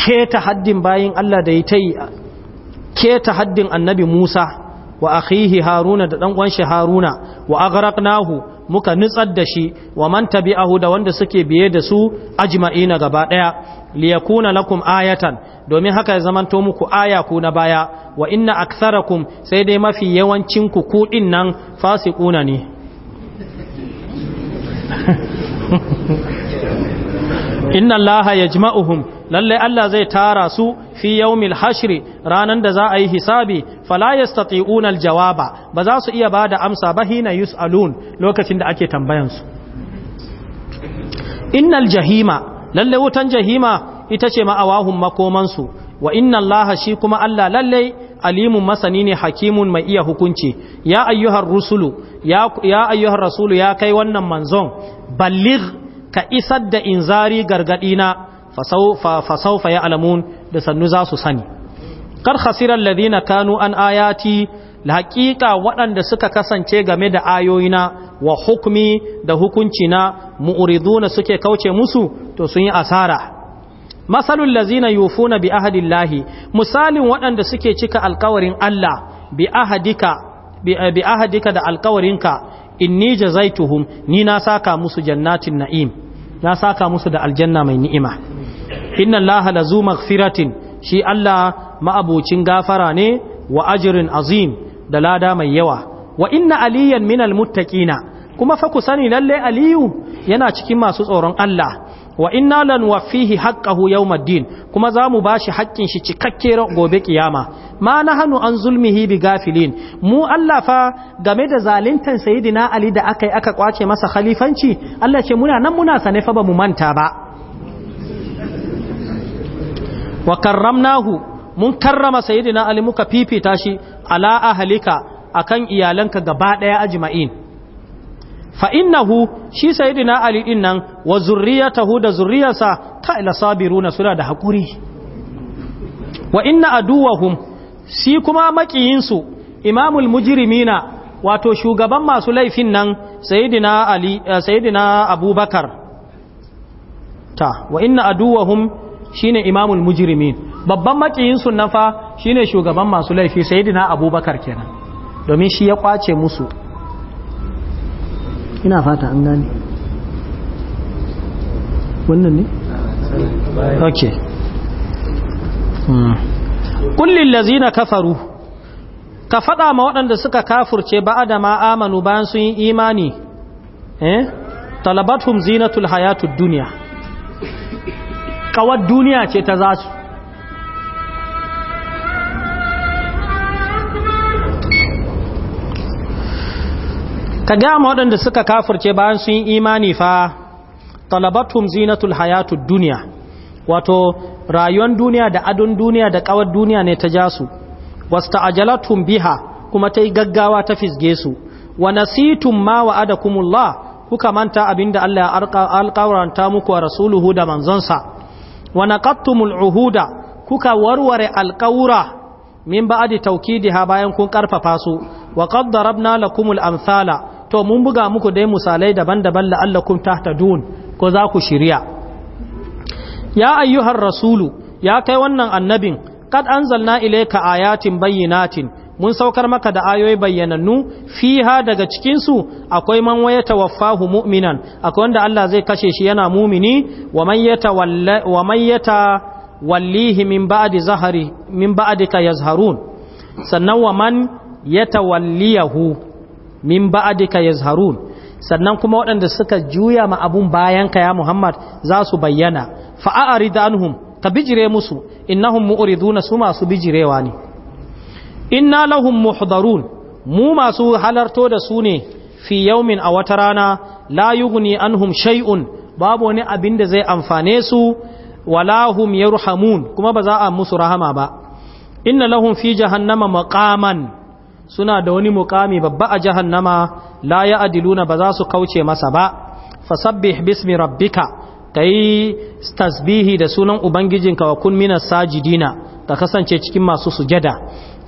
keta haddin bayin Allah da yi ta yi keta haddin annabi Musa wa akhihi haruna da dan uwan shi haruna wa aghraqnahu muka nutsar da shi wa man tabi'ahu da wanda suke biye da su ajma'ina gaba daya liyakuna lakum ayatan domin haka ya zamanto muku aya ku na baya wa inna aktharakum sai dai mafi yawancin ku ku nan fasiquna ne (laughs) inna allaha yajma'uhum lalle Allah zai tara su fi yaumil hashri ranan da za a yi hisabi fala yastati'una aljawaba ba za su iya bada amsa ba hina yusalun lokacin da ake tambayan su innal jahima lalle wutan jahima ita ce ma'awahum makoman su wa innallaha shi kuma Allah lalle alimun masani ne hakimun mai iya hukunci ya ayyuhar rusulu ya ya ayyuhar rasulu ya kai wannan manzon balligh ka isar da inzari na. fasaufa ya alamun da sannu za su sani kar khasirar ladina kanu an ayati haƙiƙa waɗanda suka kasance game da ayoyina wa hukumi da hukuncina mu'uriduna suke kauce musu to sun yi asara masalul lazina yufuna bi ahadillahi misalin waɗanda suke cika alkawarin Allah bi ahadika eh, bi ahadika da alkawarinka inni jazaituhum ni na saka musu jannatin na'im na saka musu da aljanna mai ni'ima inna laha lazu maghfiratin shi Allah ma'abucin gafara ne wa ajrin azim da lada mai yawa wa inna aliyan minal muttaqina kuma fa ku sani lalle aliyu yana cikin masu tsoron Allah wa inna lan wafihi haqqahu yawmaddin kuma zamu bashi haƙƙin shi cikakke gobe kiyama ma hannu an zulmihi bi gafilin mu Allah fa game da zalintan sayyidina ali da akai aka kwace masa khalifanci Allah ce muna nan muna sane fa ba mu manta ba wa karramnahu mun karrama sayyidina ali muka fifita shi ala ahlika akan iyalanka gaba daya ajma'in fa innahu shi sayyidina ali din nan wa zurriyatahu da zurriyarsa ta ila sabiruna suna da hakuri wa inna aduwahum si kuma makiyinsu imamul mujrimina wato shugaban masu laifin nan sayyidina ali eh, sayyidina abubakar ta wa inna aduwahum shine imamul mujrimin babban makiyin sunna fa shine shugaban masu laifi sayyidina abubakar kenan domin shi ya kwace musu ina fata an gane wannan ne okay kullin hmm. lazina kafaru ka fada ma waɗanda suka kafurce ba amanu bayan sun yi imani eh talabatum zinatul hayatud duniya Ƙawar duniya ce ta za su ka gama waɗanda suka kafirce bayan sun yi imani fa talabatum zinatul hayatud duniya wato rayuwar duniya da adon duniya da ƙawar duniya ne ta ja su wasta ajalatum biha kuma ta yi gaggawa ta fisge su wa nasitum ma wa'adakumullah kuka manta abinda Allah ya alƙawaranta muku wa rasuluhu da manzonsa wa naqattumul uhuda kuka warware alƙawura min ba'di tawkidiha bayan kun karfafa su wa qad darabna lakumul amsala to mun buga muku dai misalai daban-daban la'allakum tahtadun ko za ku shirya ya ayyuhar rasulu ya kai wannan annabin kad anzalna ilayka ayatin bayyinatin mun saukar maka da ayoyi bayyanannu fiha daga cikinsu akwai man waya tawaffahu mu'minan akwai wanda Allah zai kashe shi yana mumini wa man yata wallihi min ba'di zahari min ba'dika yazharun sannan wa man walliyahu min ba'dika yazharun sannan kuma waɗanda suka juya ma abun bayanka ya Muhammad za su bayyana fa'a'rid anhum ka bijire musu innahum mu'riduna su masu bijirewa ne inna lahum muhdarun mu masu halarto da su ne fi yaumin a wata rana la yughni anhum shay'un babu wani abin da zai amfane su wala hum yarhamun kuma ba za a musu rahama ba inna lahum fi jahannama maqaman suna da wani mukami babba a jahannama la ya'diluna ba za su kauce masa ba fasabbih bismi rabbika kai tasbihi da sunan ubangijinka wa kun minas sajidina ka kasance cikin masu sujada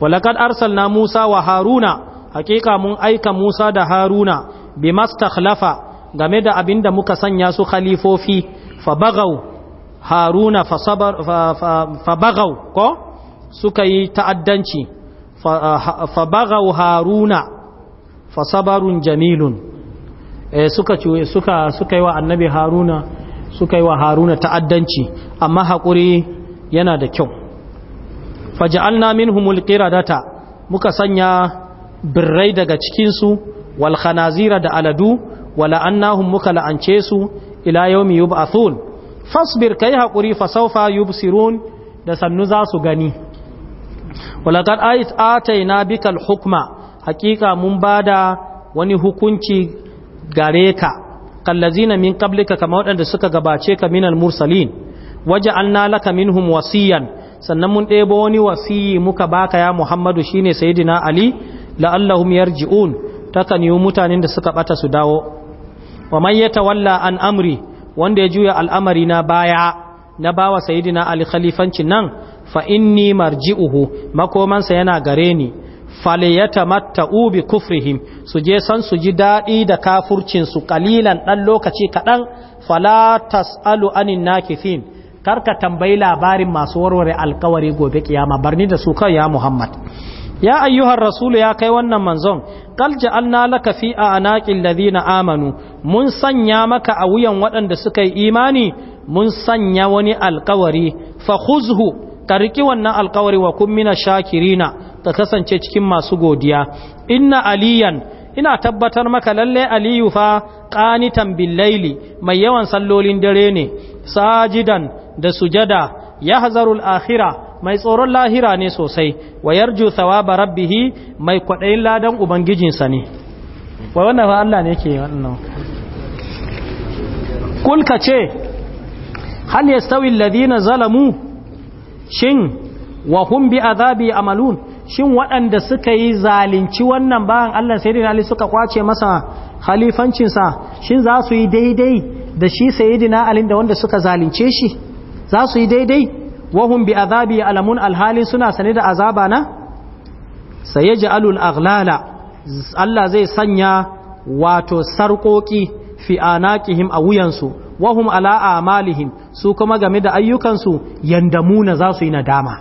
walakad arsalna Musa wa Haruna hakika mun aika Musa da Haruna bi mastakhlafa game da abinda muka sanya su khalifofi fa bagaw Haruna fa sabar fa bagaw ko suka yi ta'addanci fa bagaw Haruna fa sabarun jamilun eh suka suka suka yi wa annabi Haruna suka yi wa Haruna ta'addanci amma hakuri yana da kyau faj'alna minhumul qiradata muka sanya birrai daga cikin su wal khanazira da aladu wala annahum muka la'ance su ila yawmi yub'athun fasbir kai hakuri fa sawfa yubsirun da sannu za su gani walaqad ataina bikal hukma hakika mun bada wani hukunci gare ka kallazina min qablika kama waɗanda suka gabace ka minal mursalin waje an laka minhum wasiyan sannan mun ɗebo wani wasi'i muka baka ya muhammadu shine saidina ali la'allahum yarji'un takan yi mutanen da suka ɓata su dawo wa man yatawalla an amri wanda ya juya al'amari na baya na bawa saidina ali khalifancin nan fa inni marji'uhu makomansa yana gare ni falyatamatta'u bi kufrihim su je san su ji daɗi da kafurcin su kalilan dan lokaci kadan fala tasalu anin nakifin karka tambayi labarin masu warware alkawari gobe kiyama barni da su kai ya Muhammad ya ayyuhar rasulu ya kai wannan manzon qal ja'alna laka fi anaqil ladina amanu mun sanya maka a wuyan waɗanda suka yi imani mun sanya wani alkawari fa khuzhu karki wannan alkawari wa kun mina shakirina ka kasance cikin masu godiya inna aliyan ina tabbatar maka lalle aliyu fa qanitan bil laili mai yawan sallolin dare ne sajidan da sujada ya hazarul akhira mai tsoron lahira ne sosai wa yarju thawaba rabbihi mai kwadayin ladan ubangijinsa ne wai wannan fa Allah ne yake wannan kul kace hal yastawi alladhina zalamu shin wa hum bi azabi amalun shin waɗanda suka yi zalunci wannan bayan Allah sayyidina Ali suka kwace masa khalifancinsa shin za su yi daidai da shi sayyidina Ali da wanda suka zalunce shi za su yi daidai wahum bi azabi alamun alhali suna sane da azaba na saye alul aglala Allah zai sanya wato sarkoki fi anaqihim a wuyansu wahum ala amalihim su kuma game da ayyukansu muna za su yi nadama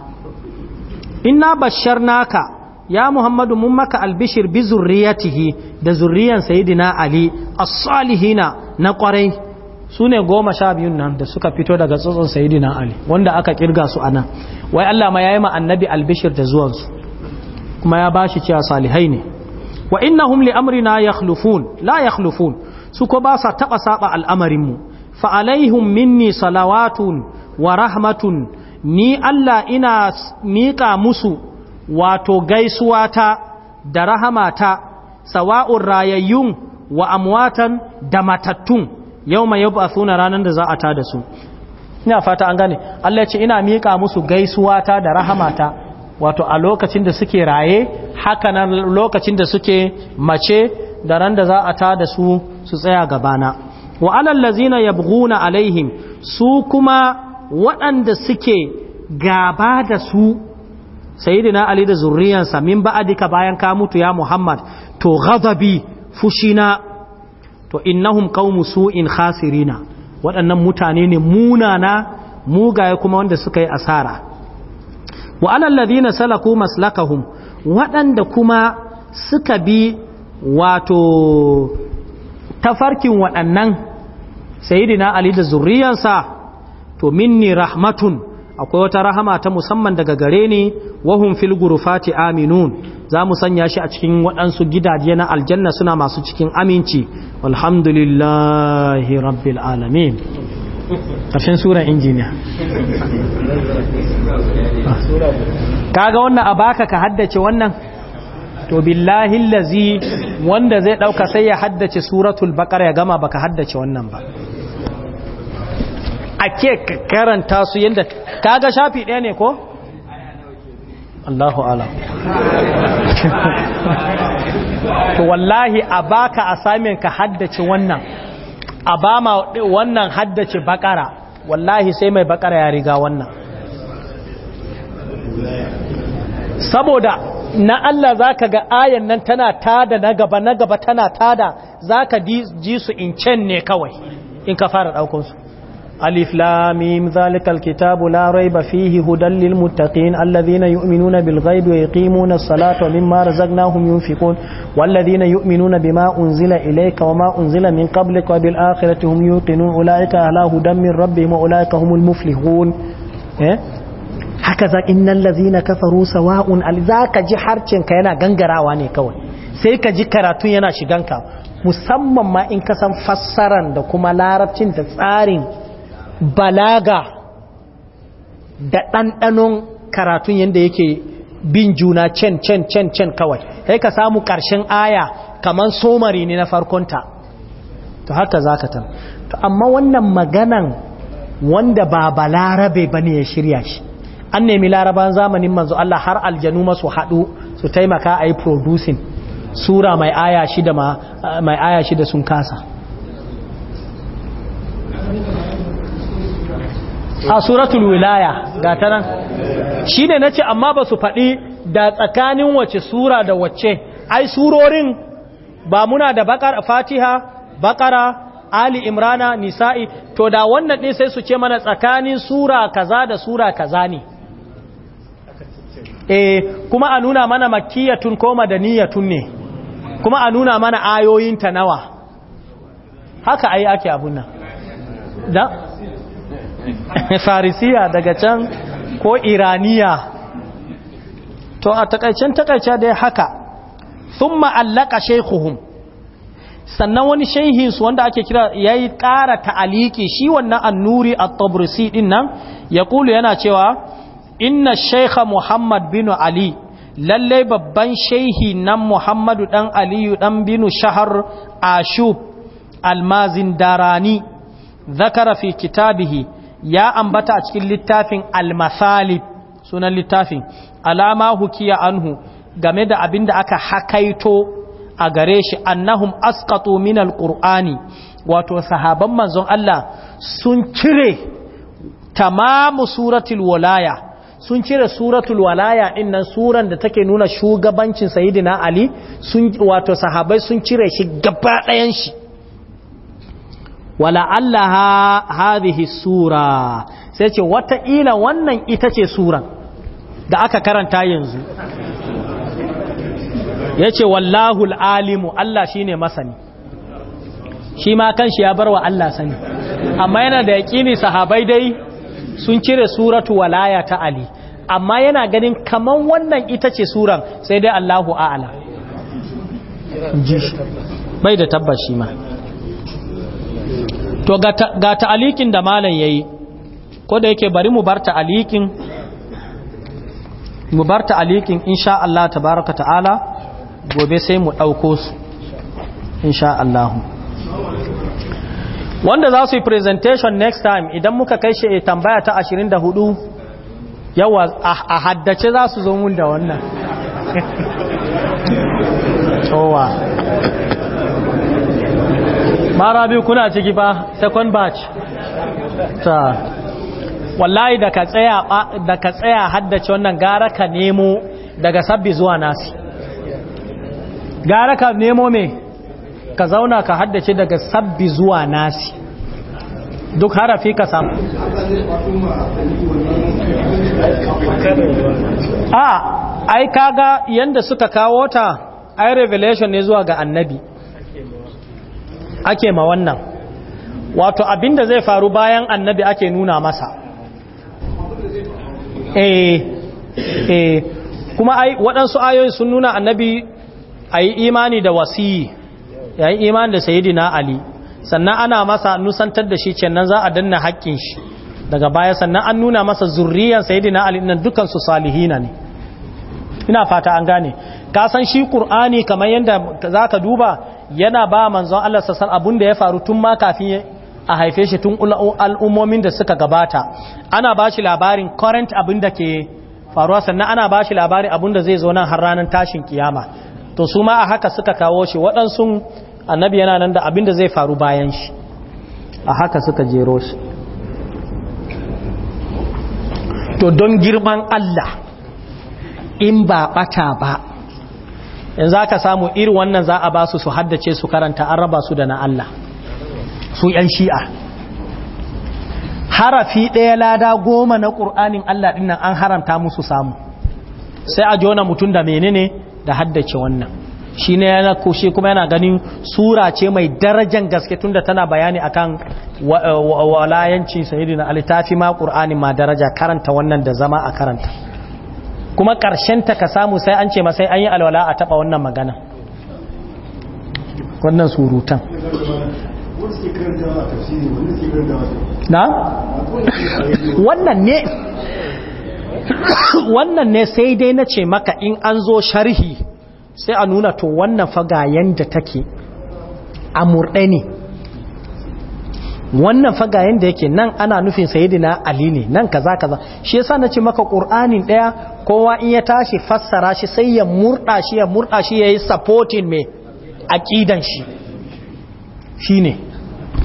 bashar naka ya muhammadu mun maka albishir bi zurriyatihi da zurriyan saidina ali as-salihina na kwarai su ne goma sha biyun nan da suka fito daga tsotson sayidina ali wanda aka kirga su anan wai Allah ma ya yi annabi albishir da zuwansu kuma ya ba shi cewa salihai ne wa innahum li amrina yakhlufun la yakhlufun su ko ba sa taba saba al'amarin fa alaihim minni salawatun wa rahmatun ni Allah ina miƙa musu wato gaisuwata da rahamata sawa'un rayayyun wa amwatan da matattun yau mai yau ba a suna ranar da za a ta da su ina fata an gane Allah ce ina miƙa musu gaisuwata da rahamata wato a lokacin da suke raye haka lokacin da suke mace da ran da za a ta da su su tsaya gabana wa alallazina yabghuna alaihim su kuma waɗanda suke gaba da su sayyidina ali da zurriyansa min ba'adika bayan ka mutu ya muhammad to ghadabi fushina to innahum qaumu su'in khasirina waɗannan mutane ne munana mugaye kuma wanda suka yi asara wa alal ladina salaku maslakahum waɗanda kuma suka bi wato tafarkin waɗannan sayyidina ali da zurriyansa to minni rahmatun akwai wata rahama ta musamman daga gare ni wahum filguru Fati aminun za mu sanya shi a cikin waɗansu gidaje na aljanna suna masu cikin aminci walhamdulillahi rabbil alamin ƙarshen sura injiniya kaga wannan a baka ka haddace wannan to billahi lazi wanda zai ɗauka sai ya haddace suratul baƙar ya gama baka haddace wannan ba Ake karanta su yadda ka ga shafi ɗaya ne ko? Allahu ala (laughs) to wallahi a baka a ka haddace wannan a ba ma wannan haddace bakara wallahi sai mai bakara ya riga wannan saboda na Allah za ka ga ayan nan tana tada na gaba na gaba tana tada za ka ji su in can ne kawai in ka fara ɗaukunsu alif lamim zalikal kitabu la raiba fihi hudan lil muttaqin alladhina yu'minuna bil ghaibi wa yuqimuna as-salata wa mimma razaqnahum yunfiqun walladhina yu'minuna bima unzila ilayka wa ma unzila min qablika wa bil akhirati hum yuqinun ulaika ala hudan min rabbihim wa ulaika humul muflihun eh hakaza innal ladhina kafaru sawa'un alzaka ji harcin ka yana gangarawa ne kawai sai ka ji karatun yana shiganka musamman ma in ka san fassaran da kuma larabcin da tsarin balaga da ɗanɗanon karatun yadda yake bin juna cen cen cen cen kawai sai ka samu ƙarshen aya kamar somari ne na farkonta to haka za ka to amma wannan maganan wanda ba balarabe ba ne ya shirya shi an nemi laraban zamanin manzo Allah har aljanu masu haɗu su taimaka a yi producing sura mai aya shida sun kasa a suratul wilaya ga ta shi ne na ce amma ba su faɗi da tsakanin wace sura da wace ai surorin ba muna da bakar fatiha bakara ali imrana nisa'i to da wannan ɗin sai su ce mana tsakanin sura kaza da sura kaza ne e kuma a nuna mana makiyatun ko madaniyatun ne kuma a nuna mana ayoyin ta nawa haka ai ake abunan (laughs) farisiya daga can ko iraniya to a takaicen takaice dai haka sun ma'allaka shekuhun sannan wani su wanda ake kira ya yi ƙara ta'aliki shi wannan annuri a tabrisi ɗin nan ya kulu yana cewa inna sheikha muhammad bin ali lallai babban shaihi nan muhammadu ɗan aliyu ɗan binu shahar ashub almazin darani zakara fi kitabihi ya ambata a cikin littafin almasali sunan littafin alama hukiya anhu game da abinda aka hakaito a gare shi annahum asqatu min alqur'ani wato sahaban manzon Allah sun cire tamamu suratul walaya sun cire suratul walaya innan suran da take nuna shugabancin sayyidina ali sun wato sahabai sun cire shi gaba ɗayan shi wala allaha hadhihi sura sai ce wataƙila wannan ita ce suran da aka karanta yanzu yace ce wallahu al'alimu Allah shi ne masani shi ma kanshi ya bar wa Allah sani amma yana da yaƙini sahabai dai sun cire suratu walaya ta Ali amma yana ganin kaman wannan ita ce suran sai dai Allahu a'ala bai da tabbashi ma to ga ta'alikin da malam yayi ko da yake bari mu bar ta'alikin mu bar ta'alikin insha Allah tabaraka ta'ala gobe sai mu dauko su insha Allah wanda za su yi presentation next time idan muka kai shi tambaya ta 24 yawa a haddace za su zo mun da wannan tsowa (laughs) mara biyu kuna ciki ba second batch ta wallahi da ka tsaya haddace wannan gara ka nemo daga sabbi zuwa nasi gara ka nemo me ka zauna ka haddace daga sabbi zuwa nasi duk harafi ka samu a ai ga yanda suka kawo ta ai revelation ne zuwa ga annabi ake ma wannan wato abinda zai faru bayan annabi ake nuna masa eh eh kuma ai waɗansu ayoyi sun nuna annabi ayi yi imani da wasi ya imani da sayidina ali sannan ana masa nusantar da shi kenan za a danna haƙƙin shi daga baya sannan an nuna masa zurriyan sayidina ali nan dukansu salihina ne ina fata an gane ka san shi qur'ani kamar yanda ka duba yana ba manzon Allah sassan abun da ya faru tun ma kafin a haife shi tun al'ummomin da suka gabata ana ba shi labarin current abin da ke faruwa sannan ana ba shi labarin abin da zai zo nan har ranar tashin kiyama to su ma a haka suka kawo shi waɗansu annabi yana nan da abin da zai faru bayan shi a haka suka jero shi to don girman Allah in ba ɓata ba in za ka samu irin wannan za a ba su su haddace su karanta an raba su da na Allah su ‘yan shi'a harafi ɗaya lada goma na ƙur'anin Allah ɗin an haramta musu samu sai a jona mutum da menene da haddace wannan shi ne yana kushe kuma yana ganin sura ce mai darajan gaske tun da tana bayani akan walayancin sayidina alitafi ma ƙur'anin ma daraja karanta wannan da zama a karanta kuma ta ka samu sai an ce masai an yi alwala a taɓa wannan magana wannan surutan na? wannan ne (coughs) wannan ne sai dai na ce maka in an zo sharhi sai a nuna to wannan faga da take a murɗe ne wannan faga yanda yake nan ana nufin sayidina ali ne nan kaza kaza shi yasa nace maka qur'anin daya kowa in ya tashi fassara shi sai ya murda shi ya murda shi yayi supporting me aqidan shi shine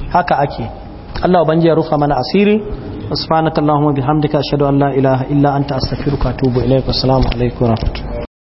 haka ake Allah ubangiji ya rufa mana asiri subhanakallahumma bihamdika ashhadu an la ilaha illa anta astaghfiruka wa atubu ilaik assalamu alaikum